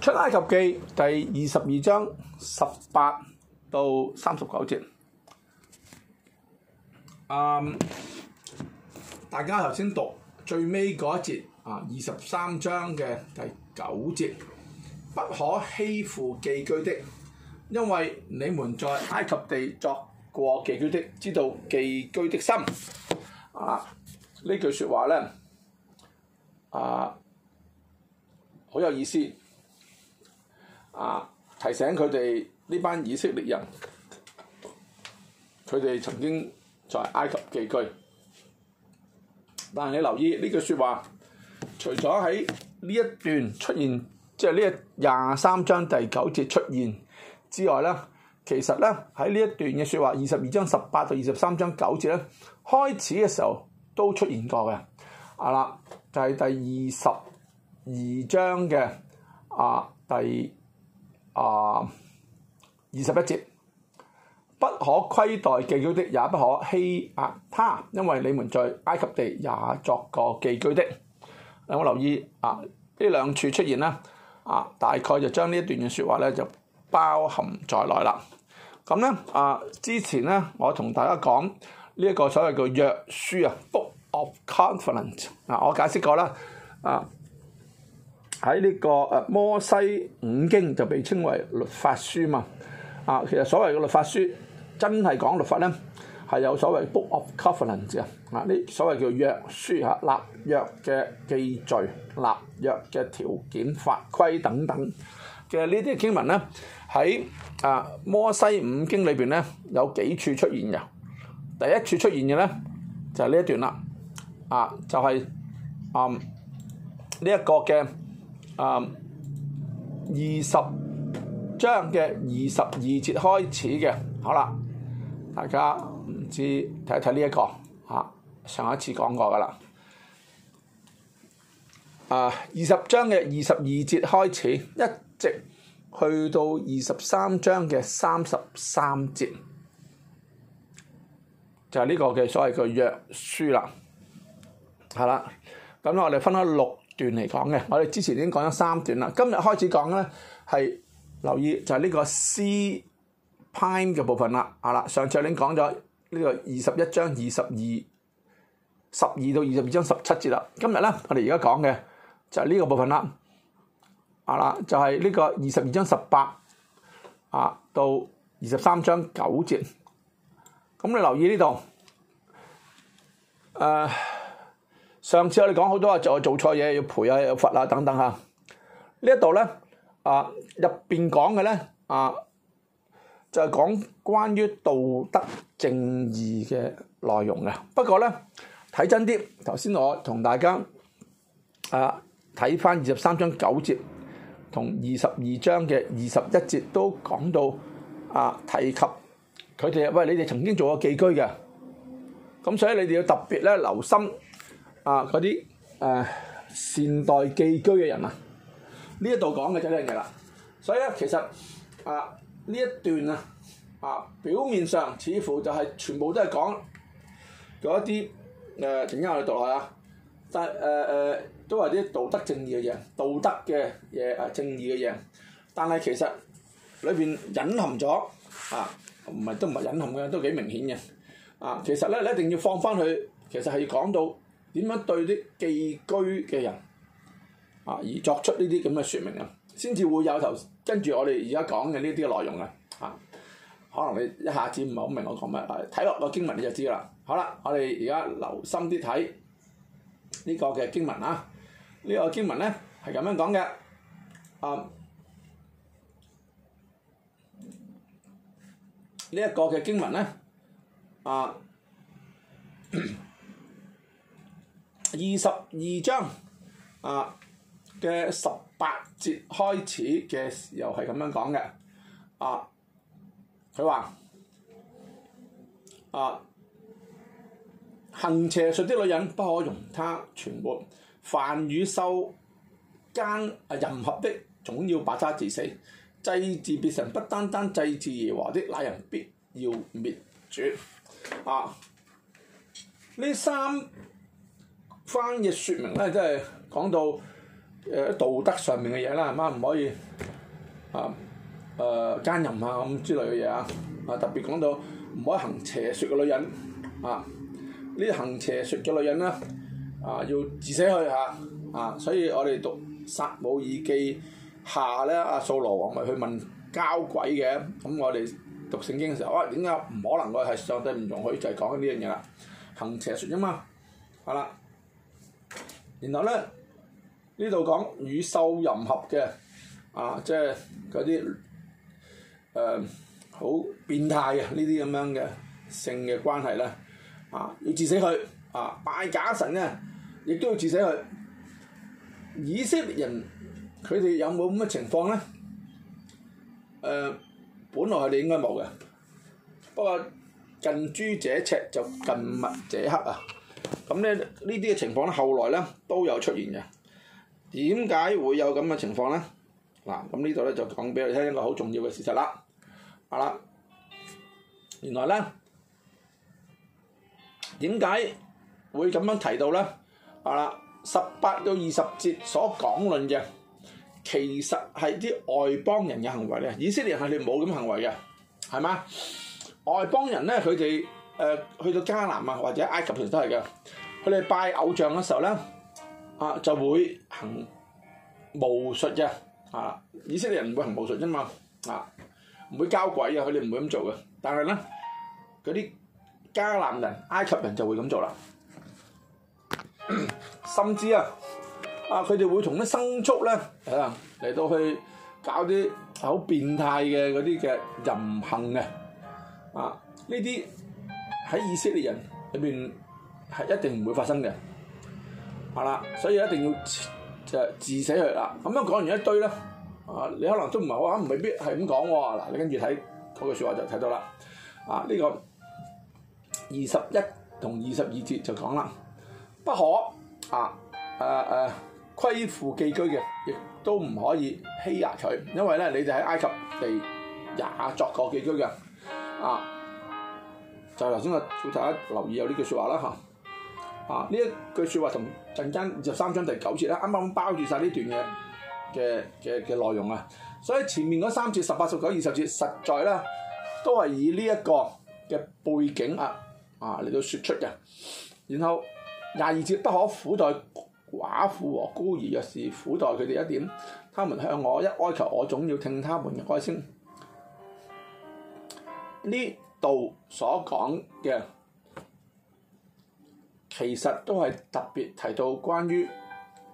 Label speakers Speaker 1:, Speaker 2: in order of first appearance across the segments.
Speaker 1: 出埃及記第二十二章十八到三十九節，啊，um，大家頭先讀最尾嗰一節啊，二十三章嘅第九節，不可欺負寄居的，因為你們在埃及地作過寄居的，知道寄居的心。啊，句呢句説話咧，啊，好有意思。啊！提醒佢哋呢班以色列人，佢哋曾經在埃及寄居。但係你留意呢句説話，除咗喺呢一段出現，即係呢廿三章第九節出現之外咧，其實咧喺呢一段嘅説話，二十二章十八到二十三章九節咧，開始嘅時候都出現過嘅。啊啦，就係第二十二章嘅啊第。啊，二十一節，不可虧待寄居的，也不可欺壓他，因為你們在埃及地也作過寄居的。有冇留意啊？呢兩處出現啦，啊，大概就將呢一段嘅説話咧就包含在內啦。咁咧啊，之前咧我同大家講呢一個所謂叫約書啊，book of covenant，嗱，啊，我解釋過啦，啊。喺呢個誒摩西五經就被稱為律法書嘛，啊，其實所謂嘅律法書真係講律法咧，係有所謂 book of covenant 嘅，啊，呢所謂叫約書嚇，立約嘅記敘，立約嘅條件、法規等等其實呢啲經文咧，喺啊摩西五經裏邊咧有幾處出現嘅，第一處出現嘅咧就係呢一段啦，啊，就係啊呢一個嘅。二十、uh, 章嘅二十二節開始嘅，好啦，大家唔知睇一睇呢一個嚇、啊，上一次講過噶啦。二、uh, 十章嘅二十二節開始，一直去到二十三章嘅三十三節，就係、是、呢個嘅所謂嘅約書啦，係啦。咁我哋分開六段嚟講嘅，我哋之前已經講咗三段啦。今日開始講咧，係留意就係呢個 C Prime 嘅部分啦。係啦，上次已經講咗呢個二十一章二十二、十二到二十二章十七節啦。今日咧，我哋而家講嘅就係呢個部分啦。係啦，就係、是、呢個二十二章十八啊到二十三章九節，咁你留意呢度，誒、呃。上次我哋講好多話做做錯嘢，要賠啊，要罰啊等等吓。呢一度咧啊入邊講嘅咧啊就係講關於道德正義嘅內容嘅。不過咧睇真啲，頭先我同大家啊睇翻二十三章九節同二十二章嘅二十一節都講到啊提及佢哋，喂你哋曾經做過寄居嘅，咁所以你哋要特別咧留心。啊！嗰啲誒善待寄居嘅人啊，呢一度講嘅就係呢樣嘢啦。所以咧，其實啊呢一段啊啊表面上似乎就係全部都係講嗰一啲誒點解我哋讀落去，但誒誒、呃呃、都係啲道德正義嘅嘢，道德嘅嘢誒正義嘅嘢。但係其實裏邊隱含咗啊，唔係都唔係隱含嘅，都幾明顯嘅。啊，其實咧你一定要放翻去，其實係要講到。點樣對啲寄居嘅人啊，而作出呢啲咁嘅説明啊，先至會有頭跟住我哋而家講嘅呢啲內容啊，啊，可能你一下子唔係好明我講乜，睇、啊、落個經文你就知啦。好啦，我哋而家留心啲睇呢個嘅經文啊，呢、呢個經文咧係咁樣講嘅啊，呢、呢、一個嘅經文咧啊。二十二章啊嘅十八節開始嘅時候係咁樣講嘅啊，佢話啊，行邪術的女人不可容他存活，凡與獸奸啊淫合的，總要把他治死。祭祀別神，不單單祭祀耶和的那人必要滅絕啊！呢三翻譯説明咧，即係講到誒道德上面嘅嘢啦，唔可以啊誒、呃、奸淫啊咁之類嘅嘢啊，啊特別講到唔可以行邪術嘅女人啊，呢啲行邪術嘅女人咧啊，啊要治死去嚇啊，所以我哋讀撒母耳記下咧，阿、啊、掃羅王咪去問交鬼嘅，咁我哋讀聖經嘅時候，哇點解唔可能我係上帝唔容許，就係、是、講緊呢樣嘢啦，行邪術啊嘛，係啦。然後咧，呢度講與獸淫合嘅，啊，即係嗰啲誒好變態嘅呢啲咁樣嘅性嘅關係啦，啊，要治死佢，啊，拜假神咧，亦都要治死佢。以色列人佢哋有冇咁嘅情況咧？誒、呃，本來係你應該冇嘅，不過近朱者赤就近墨者黑啊！咁咧呢啲嘅情況咧，後來咧都有出現嘅。點解會有咁嘅情況咧？嗱，咁呢度咧就講俾你聽一個好重要嘅事實啦。啊啦，原來咧點解會咁樣提到咧？啊啦，十八到二十節所講論嘅，其實係啲外邦人嘅行為咧。以色列人係冇咁行為嘅，係嘛？外邦人咧，佢哋誒去到迦南啊，或者埃及其實都係嘅。佢哋拜偶像嘅時候咧，啊就會行巫術嘅，啊以色列人唔會行巫術啫嘛，啊唔會交鬼啊，佢哋唔會咁做嘅。但係咧，嗰啲迦南人、埃及人就會咁做啦，甚至啊，啊佢哋會同啲牲畜咧，啊嚟到去搞啲好變態嘅嗰啲嘅淫行嘅，啊呢啲喺以色列人裏邊，係一定唔會發生嘅，係啦，所以一定要就自，自，自死佢啦。咁樣講完一堆啦，啊，你可能都唔係好啱，未必係咁講喎。嗱，你跟住睇嗰個説話就睇到啦。啊，呢、啊啊呢個二十一同二十二節就講啦，不可啊誒誒虧負寄居嘅，亦都唔可以欺壓佢，因為咧你哋喺埃及地也作過寄居嘅，啊，就頭先我叫大家留意有呢句説話啦嚇。啊啊！呢一句説話同陣間二十三章第九節啦，啱啱包住晒呢段嘢嘅嘅嘅內容啊！所以前面嗰三節十八十九二十節，實在咧都係以呢一個嘅背景啊，啊嚟到説出嘅。然後廿二節不可苦待寡婦和孤兒，若是苦待佢哋一點，他們向我一哀求，我總要聽他們嘅哀聲。呢度所講嘅。其實都係特別提到關於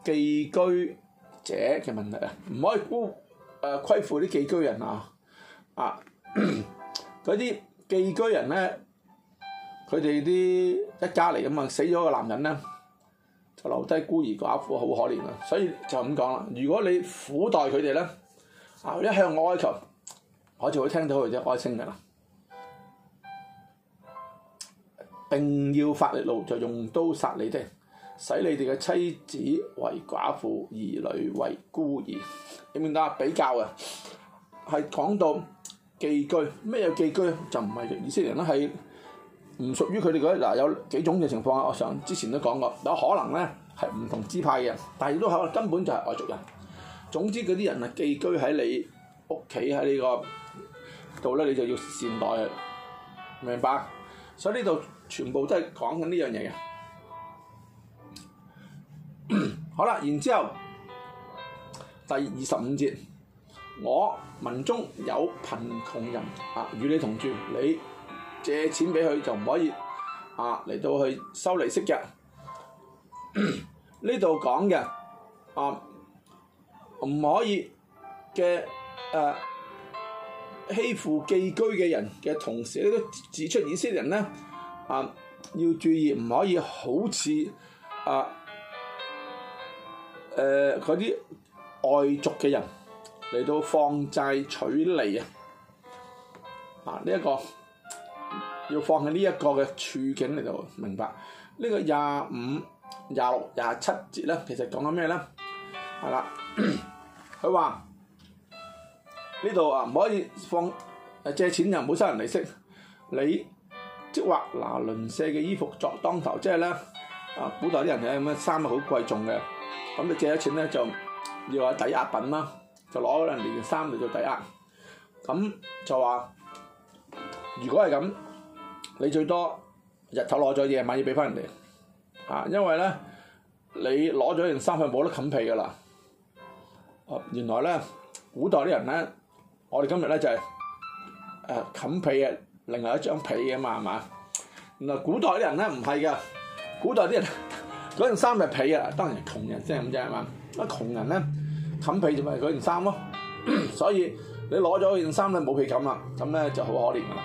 Speaker 1: 寄居者嘅問題啊，唔可以辜誒虧負啲寄居人啊，啊嗰啲寄居人咧，佢哋啲一家嚟㗎嘛，死咗個男人咧，就留低孤兒寡婦好可憐啊，所以就咁講啦，如果你苦待佢哋咧，啊一向我哀求，我就會聽到佢哋哀聲㗎啦。定要發烈怒，就用刀殺你哋，使你哋嘅妻子為寡婦，兒女為孤兒。點解啊？比較嘅係講到寄居，咩叫寄居？就唔係以色列人啦，係唔屬於佢哋嗰啲嗱，有幾種嘅情況啊。我想之前都講過，有可能咧係唔同支派嘅人，但係都可能根本就係外族人。總之，嗰啲人係寄居喺你屋企喺呢個度咧，你就要善待，明白。所以呢度。全部都係講緊呢樣嘢嘅，好啦，然之後第二十五節，我民中有貧窮人啊，與你同住，你借錢俾佢就唔可以啊，嚟到佢收利息嘅。呢度講嘅啊唔可以嘅誒、啊、欺負寄居嘅人嘅同時，你都指出以色列人呢。啊，要注意唔可以好似啊，誒嗰啲外族嘅人嚟到放債取利啊！啊，呢、這、一個要放喺呢一個嘅處境嚟度明白。這個、25, 26, 呢個廿五、廿六、廿七節咧，其實講緊咩咧？係啦，佢話呢度啊，唔、啊、可以放誒借錢就唔好收人利息，你。即係話嗱，鄰舍嘅衣服作當頭，即係咧啊！古代啲人有咁樣衫係好貴重嘅，咁你借咗錢咧就要話抵押品啦，就攞咗人哋件衫嚟做抵押，咁就話如果係咁，你最多日頭攞咗，嘢，夜晚要俾翻人哋啊！因為咧你攞咗件衫，佢冇得冚被噶啦。哦，原來咧古代啲人咧，我哋今日咧就係誒冚被嘅。啊另外一張被嘅嘛係嘛？原來古代啲人咧唔係嘅，古代啲人嗰件衫係被啊，當然係窮人先係咁啫係嘛？咁窮人咧冚被就咪佢件衫咯，所以你攞咗件衫咧冇被冚啦，咁咧就好可憐㗎啦。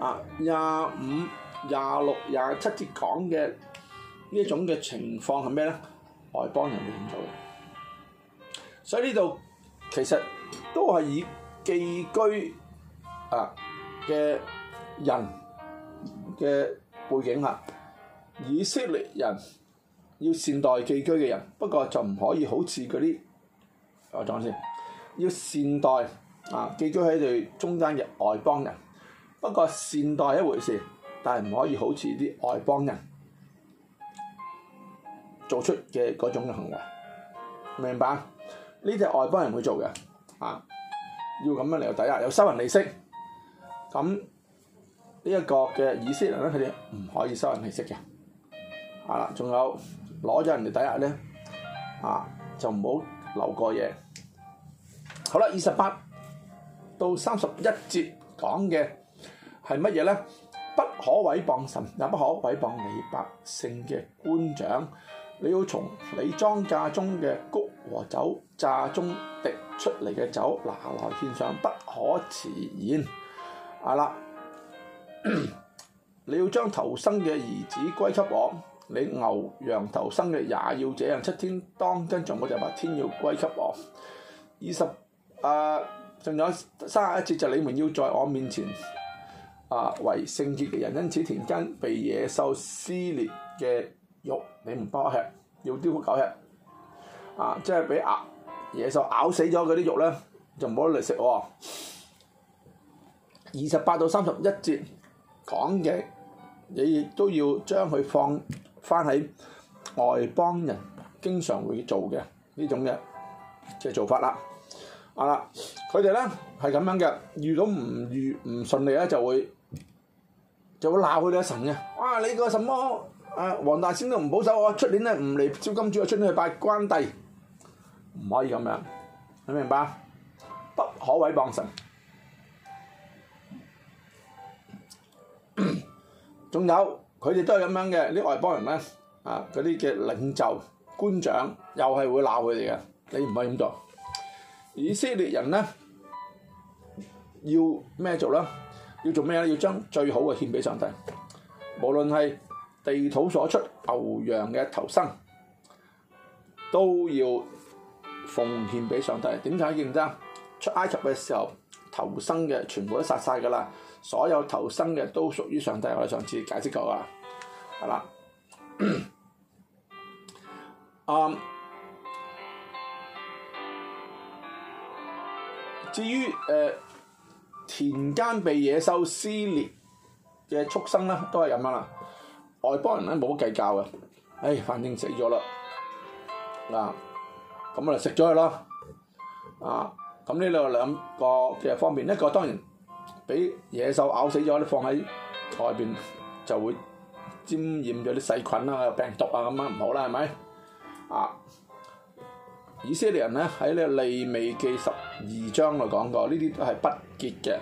Speaker 1: 啊，廿五、廿六、廿七節講嘅呢一種嘅情況係咩咧？外邦人嘅現狀，所以呢度其實都係以寄居嘅人嘅背景啊，以色列人要善待寄居嘅人，不過就唔可以好似嗰啲，我講先，要善待啊寄居喺度中間嘅外邦人，不過善待一回事，但係唔可以好似啲外邦人做出嘅嗰種嘅行為，明白？呢啲係外邦人會做嘅啊，要咁樣嚟有抵押，有收人利息。咁呢一個嘅以色列咧，佢哋唔可以收人利息嘅，啊，仲有攞咗人哋抵押咧，啊，就唔好留過嘢。好啦，二十八到三十一節講嘅係乜嘢咧？不可毀謗神，也不可毀謗你百姓嘅官長。你要從你莊稼中嘅谷和酒榨中滴出嚟嘅酒拿來獻上，不可遲延。係啦、啊，你要將頭生嘅兒子歸給我，你牛羊頭生嘅也要這樣七天當。跟住我就八天要歸給我。二十啊，仲有三十一節就，你們要在我面前啊為聖潔嘅人，因此田間被野獸撕裂嘅肉你們不可吃，要丟給狗吃。啊，即係俾野獸咬死咗嗰啲肉咧，就唔好嚟食喎。二十八到三十一節講嘅，你亦都要將佢放翻喺外邦人經常會做嘅呢種嘅即係做法啦。啊，佢哋咧係咁樣嘅，遇到唔遇唔順利咧就會就會鬧佢哋一神嘅。哇、啊！你個什麼啊？黃大仙都唔保守我不，出年咧唔嚟燒金豬，出年去拜關帝，唔可以咁樣，你明白？不可毀謗神。仲 有，佢哋都係咁樣嘅，啲外邦人咧，啊，嗰啲嘅領袖官長又係會鬧佢哋嘅，你唔可以咁做。以色列人咧要咩做啦？要做咩咧？要將最好嘅獻俾上帝，無論係地土所出牛羊嘅頭生，都要奉獻俾上帝。點解？記得出埃及嘅時候，頭生嘅全部都殺晒噶啦。所有頭生嘅都屬於上帝，我哋上次解釋過啦，係啦。啊、 嗯，至於誒、呃、田間被野獸撕裂嘅畜生啦，都係咁啦。外邦人咧冇乜計較嘅，誒、哎，反正死咗啦，嗱，咁我食咗佢咯，啊，咁呢兩個兩個嘅方面，一個當然。俾野獸咬死咗，你放喺外邊就會沾染咗啲細菌啊、病毒啊咁樣唔好啦，係咪？啊！以色列人咧喺呢個利未記十二章度講過，呢啲都係不潔嘅，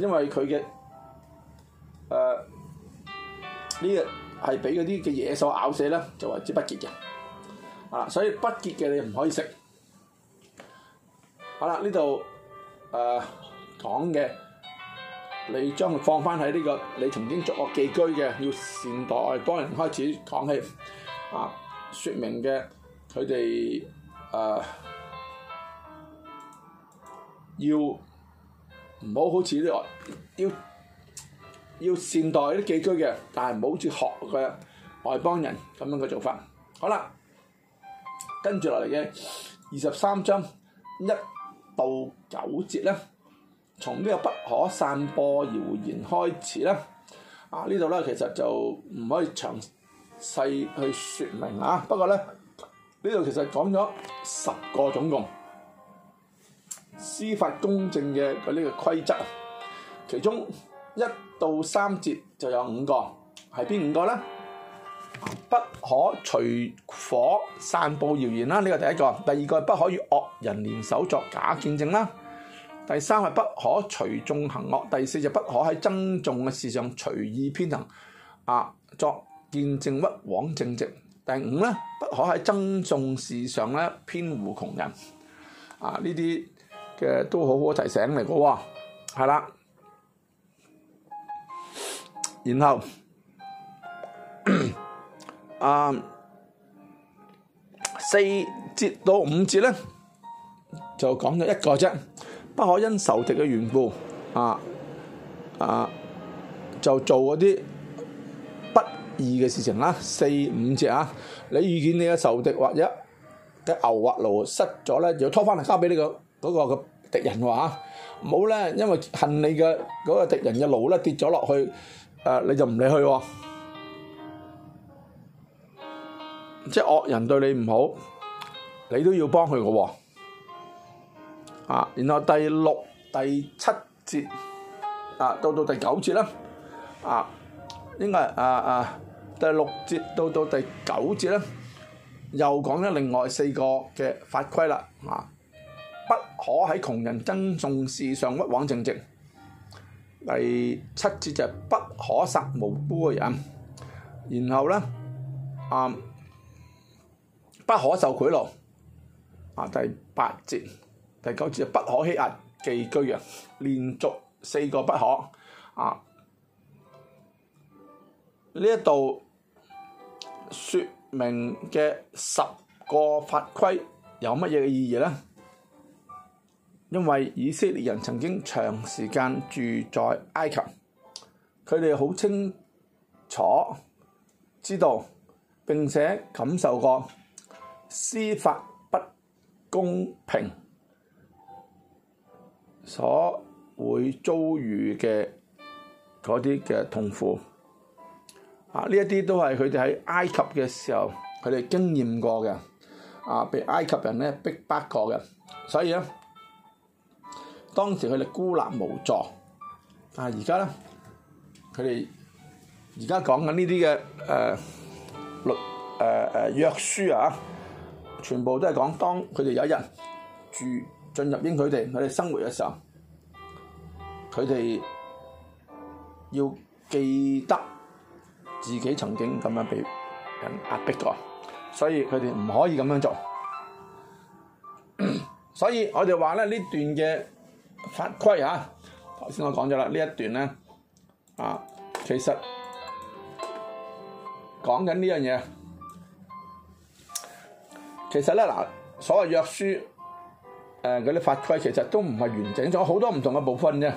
Speaker 1: 因為佢嘅誒呢個係俾嗰啲嘅野獸咬死咧，就為之不潔嘅。啊，所以不潔嘅你唔可以食。好啦，呢度誒講嘅。呃你將佢放翻喺呢個你曾經作過寄居嘅，要善待外邦人開始講起啊，説明嘅佢哋誒要唔好好似啲外要要善待啲寄居嘅，但係唔好似學嘅外邦人咁樣嘅做法。好啦，跟住落嚟嘅二十三章一到九節咧。從呢個不可散播謠言開始啦，啊，這呢度咧其實就唔可以詳細去説明。啊，不過咧，呢度其實講咗十個總共司法公正嘅佢呢個規則，其中一到三節就有五個，係邊五個咧？不可隨夥散播謠言啦，呢、這個第一個；第二個不可以與惡人聯手作假見證啦。第三係不可隨眾行惡，第四就不可喺爭訟嘅事上隨意偏行，啊作見證屈枉正直。第五咧，不可喺爭訟事上咧偏護窮人。啊呢啲嘅都好好提醒嚟嘅喎，係啦。然後啊四節到五節咧就講咗一個啫。不可因仇敵嘅緣故，啊啊，就做嗰啲不義嘅事情啦。四五隻啊，你遇見你嘅仇敵或者嘅牛或驢失咗咧，又要拖翻嚟交俾你、那個、那個嘅敵人喎嚇。唔好、啊、咧，因為恨你嘅嗰、那個敵人嘅驢咧跌咗落去，誒、啊、你就唔理佢喎、啊。即係惡人對你唔好，你都要幫佢嘅喎。啊啊，然後第六、第七節，啊，到到第九節啦，啊，應該係啊啊，第六節到到第九節咧，又講咗另外四個嘅法規啦，啊，不可喺窮人爭訟事上屈枉正直。第七節就係不可殺無辜嘅人，然後咧啊，不可受賄賂。啊，第八節。第九節，不可欺壓寄居人，連續四個不可啊！呢一度説明嘅十個法規有乜嘢嘅意義呢？因為以色列人曾經長時間住在埃及，佢哋好清楚知道並且感受過司法不公平。所會遭遇嘅嗰啲嘅痛苦，啊，呢一啲都係佢哋喺埃及嘅時候，佢哋經驗過嘅，啊，被埃及人咧逼迫過嘅，所以咧，當時佢哋孤立無助，但係而家咧，佢哋而家講緊呢啲嘅誒律誒誒、呃、約書啊，全部都係講當佢哋有一人住。進入英佢哋，佢哋生活嘅時候，佢哋要記得自己曾經咁樣被人壓迫過，所以佢哋唔可以咁樣做。 所以我哋話咧，呢段嘅法規啊，頭先我講咗啦，呢一段咧啊，其實講緊呢樣嘢，其實咧嗱，所謂約書。誒嗰啲法規其實都唔係完整，咗好多唔同嘅部分啫。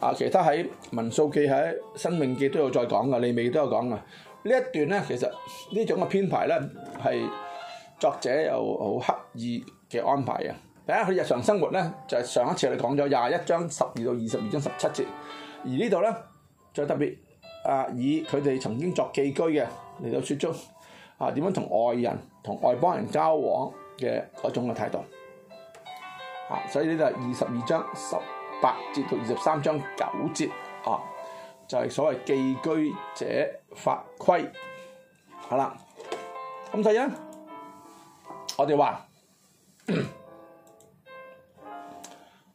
Speaker 1: 啊，其他喺《民數記》喺《申命記》都有再講㗎，利未都有講㗎。呢一段咧，其實呢種嘅編排咧係作者又好刻意嘅安排嘅。第、啊、一，佢日常生活咧就係、是、上一次我哋講咗廿一章十二到二十二章十七節，而呢度咧最特別啊，以佢哋曾經作寄居嘅嚟到説中，啊點樣同外人同外邦人交往嘅嗰種嘅態度。啊！所以呢度係二十二章十八節到二十三章九節，啊，就係、是、所謂寄居者法規。好啦，咁第一，我哋話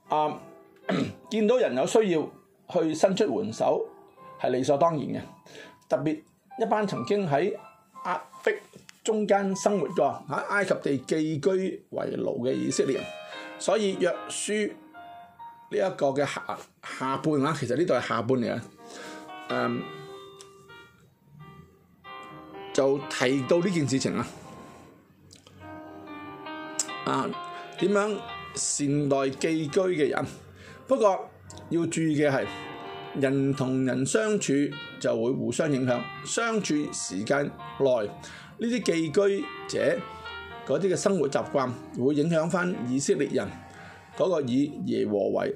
Speaker 1: 啊，見到人有需要去伸出援手，係理所當然嘅，特別一班曾經喺壓迫中間生活過喺埃及地寄居為奴嘅以色列人。所以約書呢一個嘅下下半嘅其實呢度係下半嚟嘅，誒、嗯、就提到呢件事情啊，啊點樣善待寄居嘅人？不過要注意嘅係人同人相處就會互相影響，相處時間耐，呢啲寄居者。嗰啲嘅生活習慣會影響翻以色列人嗰個以耶和為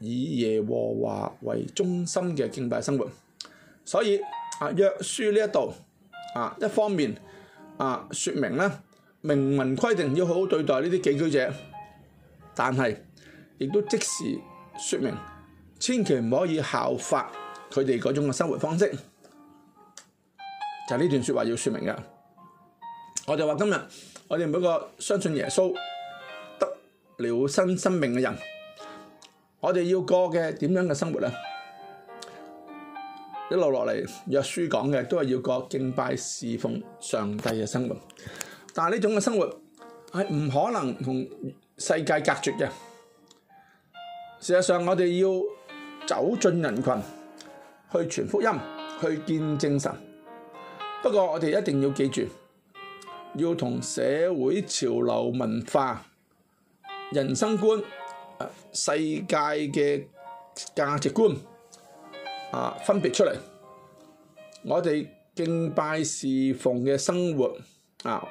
Speaker 1: 以耶和華為中心嘅敬拜生活，所以啊約書呢一度啊一方面啊説明咧明文規定要好好對待呢啲寄居者，但係亦都即時説明，千祈唔可以效法佢哋嗰種嘅生活方式，就係呢段説話要説明嘅。我就話今日，我哋每個相信耶穌得了新生命嘅人，我哋要過嘅點樣嘅生活呢？一路落嚟，約書講嘅都係要過敬拜侍奉上帝嘅生活。但係呢種嘅生活係唔可能同世界隔絕嘅。事實上，我哋要走進人群，去傳福音，去見證神。不過，我哋一定要記住。要同社會潮流文化、人生觀、世界嘅價值觀啊分別出嚟。我哋敬拜侍奉嘅生活啊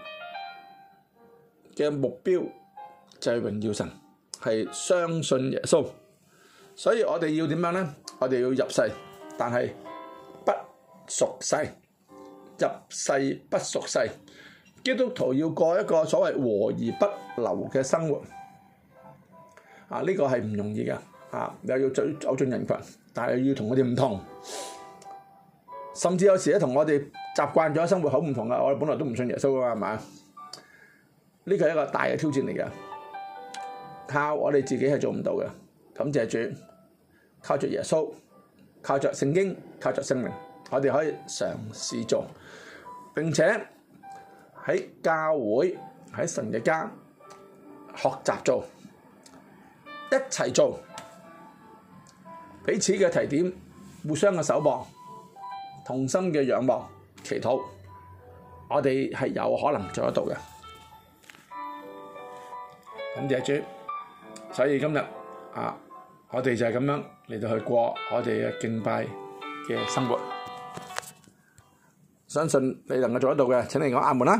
Speaker 1: 嘅目標就係榮耀神，係相信耶穌。所以我哋要點樣咧？我哋要入世，但係不屬世，入世不屬世。基督徒要過一個所謂和而不流嘅生活，啊呢個係唔容易嘅，啊又要走走進人群，但係要同我哋唔同，甚至有時咧同我哋習慣咗生活好唔同噶，我哋本來都唔信耶穌噶嘛，係嘛？呢個係一個大嘅挑戰嚟噶，靠我哋自己係做唔到嘅，感謝主，靠住耶穌，靠着聖經，靠着聖靈，我哋可以嘗試做，並且。喺教會喺神嘅家學習做，一齊做，彼此嘅提點，互相嘅守望，同心嘅仰望祈禱，我哋係有可能做得到嘅。感謝主，所以今日啊，我哋就係咁樣嚟到去過我哋嘅敬拜嘅生活，相信你能夠做得到嘅，請你講阿門啦。